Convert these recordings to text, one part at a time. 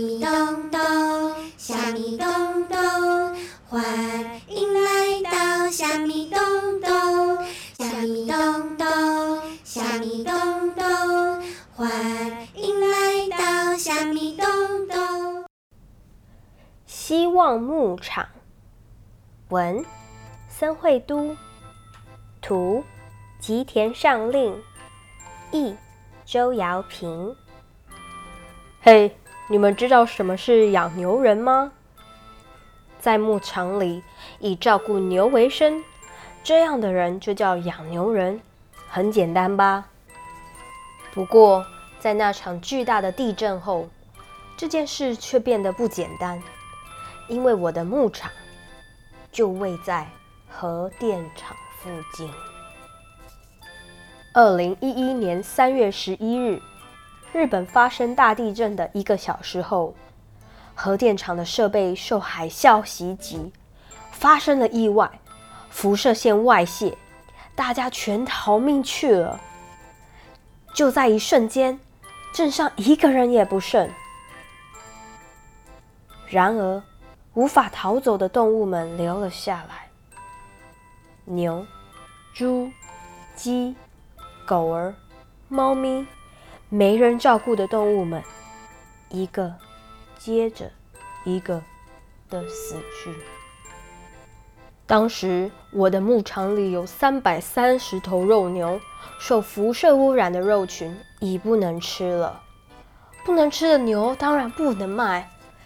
蝦米咚咚，蝦米咚咚，歡迎來到蝦米咚咚。蝦米咚咚，蝦米咚咚，歡迎來到蝦米咚咚。希望牧場，文森繪都，圖吉田尚令，譯周姚萍。嘿。Hey. 你們知道什麼是養牛人嗎？在牧場裡以照顧牛為生，這樣的人就叫養牛人，很簡單吧？不過在那場巨大的地震後，這件事卻變得不簡單，因為我的牧場就位在核電廠附近。二零一一年三月十一日。日本發生大地震的一個小時後，核電廠的設備受海嘯襲擊，發生了意外，輻射線外洩，大家全逃命去了。就在一瞬間，鎮上一個人也不剩。然而，無法逃走的動物們留了下來：牛、豬、雞、狗兒、貓咪。沒人照顧的動物們，一個接着一個的死去。當時我的牧場裡有三百三十頭肉牛，受輻射污染的肉群已不能吃了，不能吃的牛當然不能賣，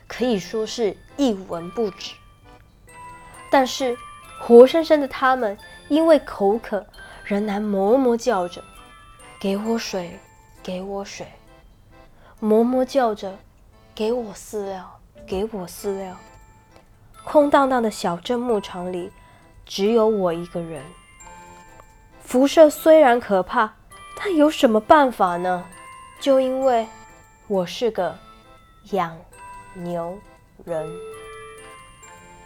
可以說是一文不值。但是活生生的它們因為口渴，仍然哞哞叫着：“給我水。”給我水，哞哞叫着：“給我飼料，給我飼料。”空蕩蕩的小鎮牧場裡，只有我一個人。輻射雖然可怕，但有什麼辦法呢？就因為我是個養牛人。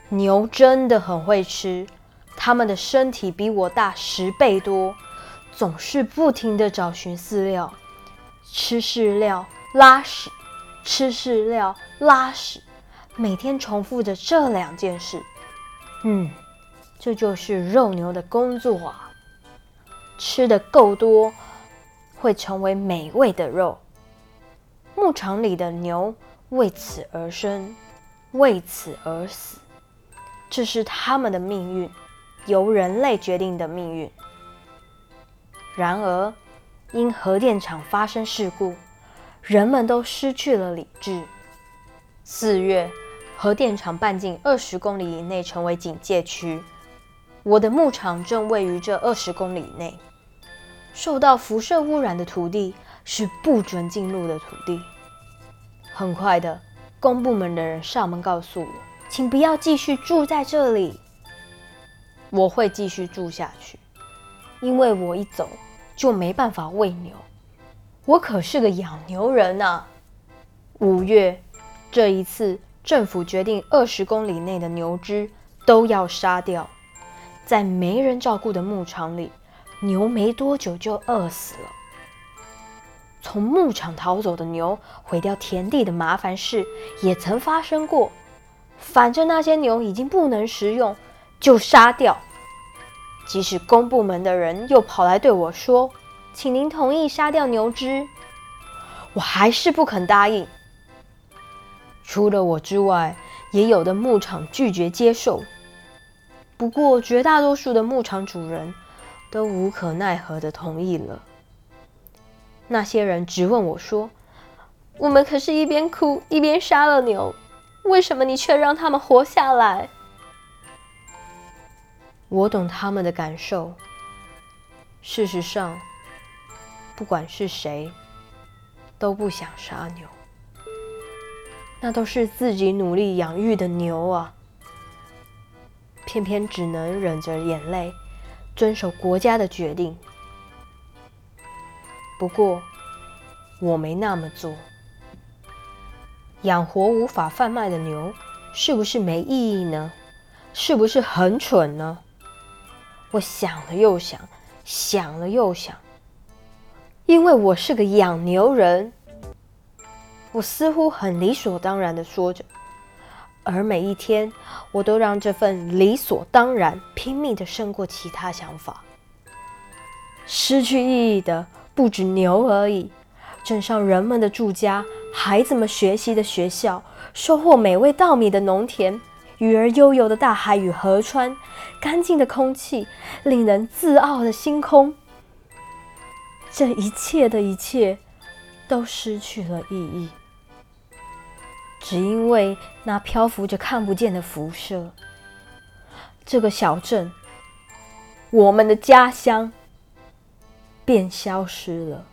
牛真的很會吃，他們的身體比我大十倍多，總是不停地找尋飼料。吃飼料，拉屎，吃飼料，拉屎，每天重複着這兩件事。嗯，這就是肉牛的工作啊。吃得夠多，會成為美味的肉。牧場裡的牛為此而生，為此而死，這是他們的命運，由人類決定的命運。然而。因核電廠發生事故，人們都失去了理智。四月，核電廠半徑二十公里以內成為警戒區。我的牧場正位於這二十公里以內，受到輻射污染的土地是不准進入的土地。很快的，公部門的人上門告訴我，請不要繼續住在這裡。我會繼續住下去，因為我一走。就沒辦法餵牛，我可是個養牛人呢、啊。五月，這一次政府決定二十公里內的牛隻都要殺掉。在沒人照顧的牧場裡，牛沒多久就餓死了。從牧場逃走的牛毀掉田地的麻煩事也曾發生過，反正那些牛已經不能食用，就殺掉。即使公部門的人又跑來對我說：“請您同意殺掉牛只。”我還是不肯答應。除了我之外，也有的牧場拒絕接受。不過，絕大多數的牧場主人都無可奈何的同意了。那些人質問我說：“我們可是一邊哭一邊殺了牛，為什麼你卻讓他們活下來？”我懂他們的感受。事實上，不管是誰，都不想殺牛。那都是自己努力養育的牛啊，偏偏只能忍着眼淚，遵守國家的決定。不過，我沒那麼做。養活無法販賣的牛，是不是沒意義呢？是不是很蠢呢？我想了又想，想了又想，因為我是個養牛人。我似乎很理所當然的說着，而每一天，我都讓這份理所當然拼命的勝過其他想法。失去意義的不止牛而已，鎮上人們的住家，孩子們學習的學校，收穫美味稻米的農田。魚兒悠游的大海與河川，乾淨的空氣，令人自傲的星空，這一切的一切都失去了意義，只因為那漂浮着看不見的輻射。這個小鎮，我們的家鄉，便消失了。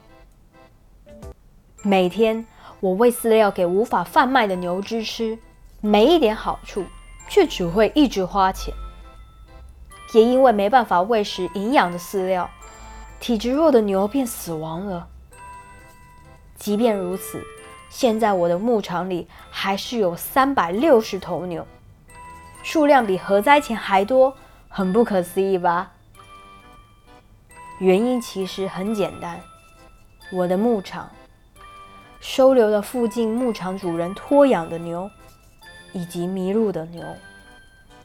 每天，我餵飼料給無法販賣的牛隻吃，沒一點好處，卻只會一直花錢，也因為沒辦法餵食營養的飼料，體質弱的牛便死亡了。即便如此，現在我的牧場裡還是有三百六十頭牛，數量比核災前還多，很不可思議吧？原因其實很簡單，我的牧場收留了附近牧場主人托養的牛。以及迷路的牛，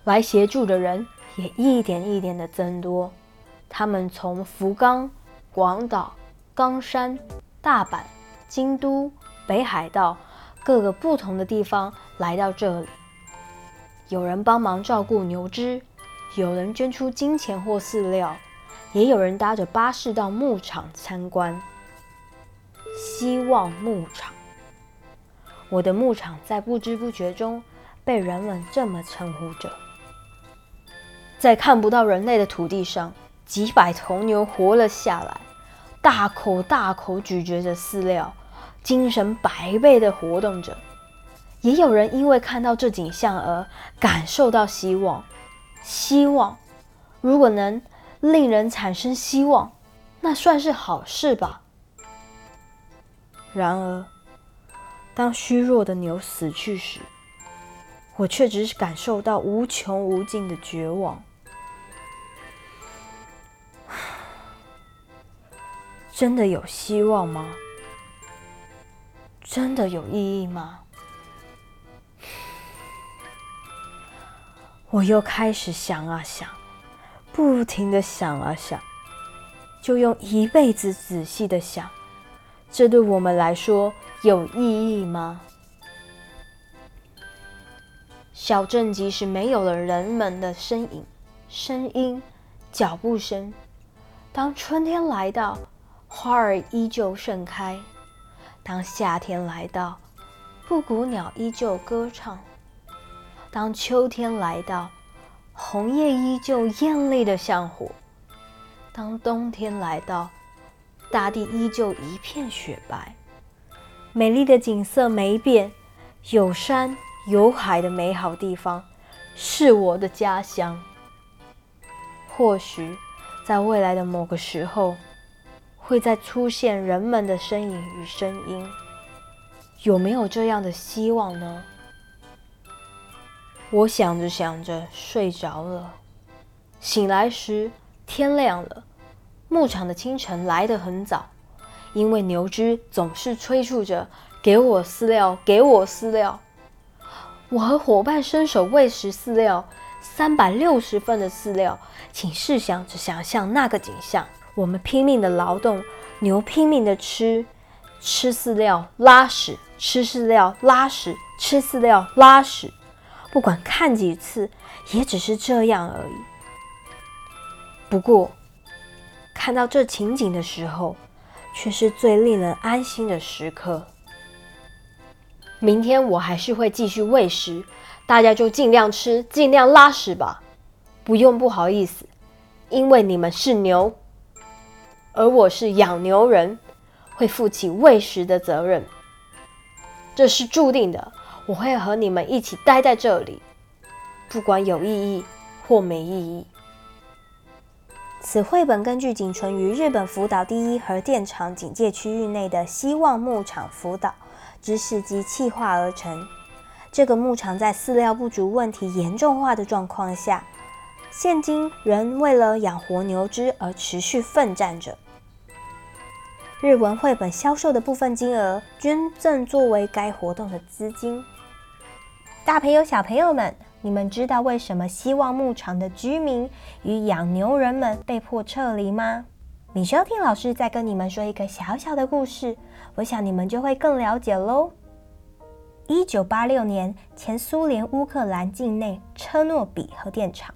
來協助的人也一點一點的增多。他們從福岡、廣島、岡山、大阪、京都、北海道各個不同的地方來到這裡。有人幫忙照顧牛隻，有人捐出金錢或飼料，也有人搭着巴士到牧場參觀。希望牧場，我的牧場在不知不覺中，被人們這麼稱呼着，在看不到人類的土地上，幾百頭牛活了下來，大口大口咀嚼着飼料，精神百倍地活動着。也有人因為看到這景象而感受到希望。希望，如果能令人產生希望，那算是好事吧？然而，當虛弱的牛死去時，我卻只是感受到無窮無盡的絕望。真的有希望嗎？真的有意義嗎？我又開始想啊想，不停地想啊想，就用一輩子仔細地想，這對我們來說有意義嗎？小鎮即使沒有了人們的身影、聲音、腳步聲，當春天來到，花兒依舊盛開；當夏天來到，布谷鳥依舊歌唱；當秋天來到，紅葉依舊艷麗得像火；當冬天來到，大地依舊一片雪白。美麗的景色沒變，有山。有海的美好地方是我的家鄉。或許在未來的某個時候，會再出現人們的身影與聲音。有沒有這樣的希望呢？我想着想着睡着了。醒來時天亮了，牧場的清晨來得很早，因為牛隻總是催促着：“給我飼料，給我飼料。”我和夥伴伸手餵食飼料，三百六十份的飼料，請試著想象那個景象：我們拼命的勞動，牛拼命的吃，吃飼料拉屎，吃飼料拉屎，吃飼料拉屎。不管看幾次，也只是這樣而已。不過，看到這情景的時候，卻是最令人安心的時刻。明天我還是會繼續餵食，大家就盡量吃，盡量拉屎吧。不用不好意思，因為你們是牛，而我是養牛人，會負起餵食的責任。這是注定的，我會和你們一起待在這裡，不管有意義或沒意義。此繪本根據僅存於日本福島第一核電廠警戒區域內的希望牧場福島。知識及氣化而成。這個牧場在飼料不足問題嚴重化的狀況下，現今仍為了養活牛隻而持續奮戰着。日文繪本銷售的部分金額捐贈作為該活動的資金。大朋友、小朋友們，你們知道為什麼希望牧場的居民與養牛人們被迫撤離嗎？米修聽老師再跟你們說一個小小的故事，我想你們就會更了解嘍。一九八六年，前蘇聯烏克蘭境內車諾比核電廠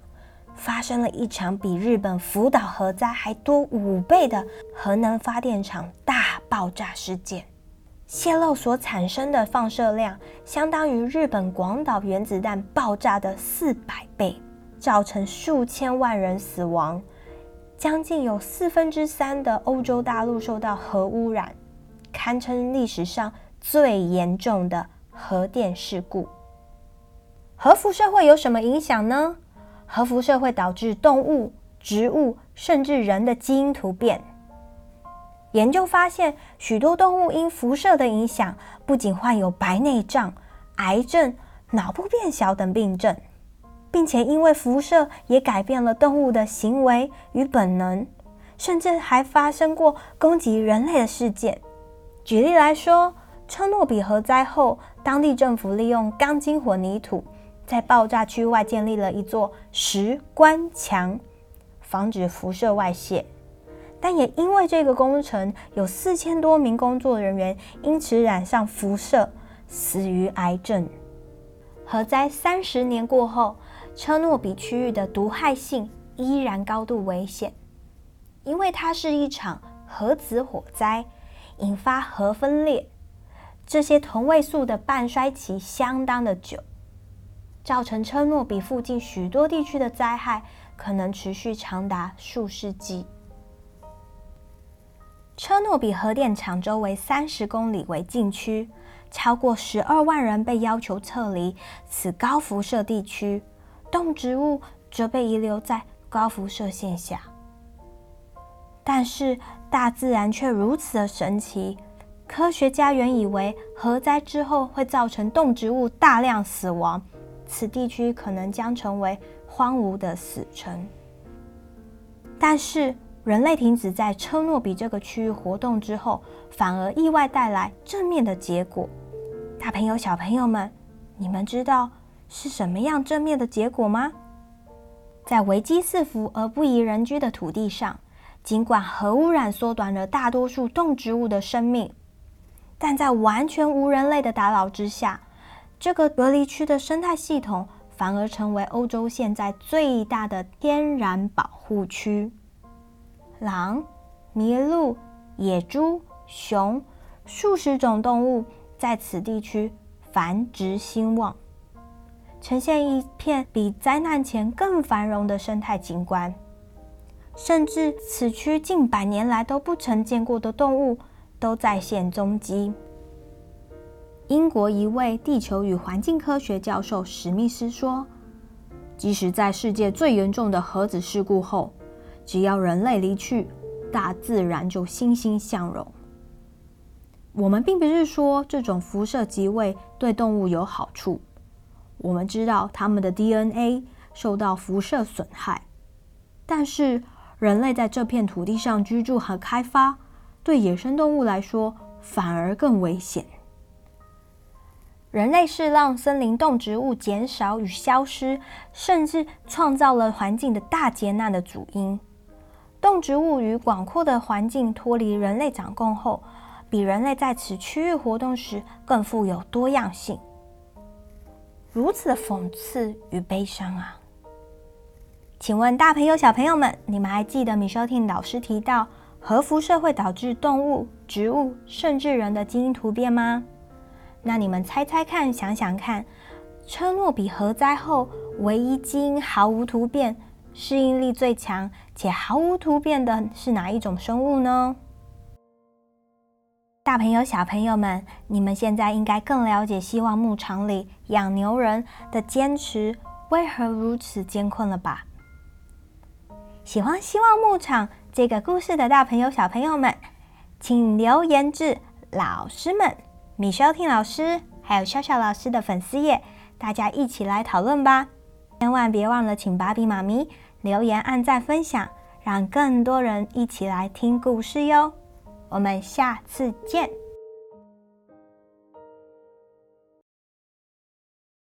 發生了一場比日本福島核災還多五倍的核能發電廠大爆炸事件，泄漏所產生的放射量相當於日本廣島原子彈爆炸的四百倍，造成數千萬人死亡。將近有四分之三的歐洲大陸受到核污染，堪稱歷史上最嚴重的核電事故。核輻射會有什麼影響呢？核輻射會導致動物、植物甚至人的基因突變。研究發現，許多動物因輻射的影響，不僅患有白內障、癌症、腦部變小等病症。並且因為輻射，也改變了動物的行為與本能，甚至還發生過攻擊人類的事件。舉例來說，車諾比核災後，當地政府利用鋼筋混凝土在爆炸區外建立了一座石棺牆，防止輻射外泄。但也因為這個工程，有四千多名工作人員因此染上輻射，死於癌症。核災三十年過後，車諾比區域的毒害性依然高度危險，因為它是一場核子火災，引發核分裂。這些同位素的半衰期相當的久，造成車諾比附近許多地區的災害可能持續長達數世紀。車諾比核電廠周圍三十公里為禁區，超過十二萬人被要求撤離此高輻射地區。動植物則被遺留在高輻射線下，但是大自然卻如此的神奇。科學家原以為核災之後會造成動植物大量死亡，此地區可能將成為荒蕪的死城。但是人類停止在車諾比這個區域活動之後，反而意外帶來正面的結果。大朋友、小朋友們，你們知道？是什麼樣正面的結果嗎？在危機四伏而不宜人居的土地上，儘管核污染縮短了大多數動植物的生命，但在完全無人類的打擾之下，這個隔離區的生態系統反而成為歐洲現在最大的天然保護區。狼、麋鹿、野豬、熊、數十種動物在此地區繁殖興旺。呈現一片比災難前更繁榮的生態景觀，甚至此區近百年來都不曾見過的動物都再現蹤跡。英國一位地球與環境科學教授史密斯說：“即使在世界最嚴重的核子事故後，只要人類離去，大自然就欣欣向榮。”我們並不是說這種輻射即位對動物有好處。我們知道牠們的 DNA 受到輻射損害，但是人類在這片土地上居住和開發，對野生動物來說反而更危險。人類是讓森林動植物減少與消失，甚至創造了環境的大劫難的主因。動植物與廣闊的環境脫離人類掌控後，比人類在此區域活動時更富有多樣性。如此的諷刺與悲傷啊！請問大朋友、小朋友們，你們還記得米修婷老師提到核輻射會導致動物、植物甚至人的基因突變嗎？那你們猜猜看，想想看，車諾比核災後唯一基因毫無突變、適應力最強且毫無突變的是哪一種生物呢？大朋友、小朋友們，你們現在應該更了解希望牧場裡養牛人的堅持為何如此艱困了吧？喜歡《希望牧場》這個故事的大朋友、小朋友們，請留言至老師們米肖婷老師還有小小老師的粉絲頁，大家一起來討論吧！千萬別忘了請芭比媽咪留言、按讚、分享，讓更多人一起來聽故事喲！我們下次見。